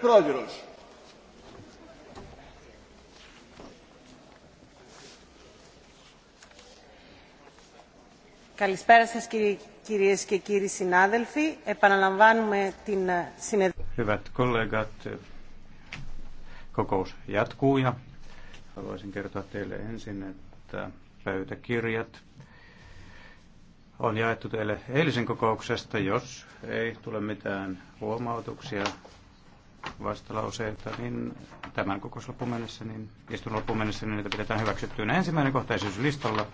πρόεδρος. Καλησπέρα σας κυρίες και κύριοι συνάδελφοι. Επαναλαμβάνουμε την συνεδρία. Hyvät kollegat, kokous jatkuu ja haluaisin kertoa teille ensin, että pöytäkirjat on jaettu teille eilisen kokouksesta. Jos ei tule mitään huomautuksia, vastalauseita, niin tämän kokous loppuun mennessä, niin istun loppuun mennessä, niin niitä pidetään hyväksyttyinä. Ensimmäinen kohtaisuus listalla.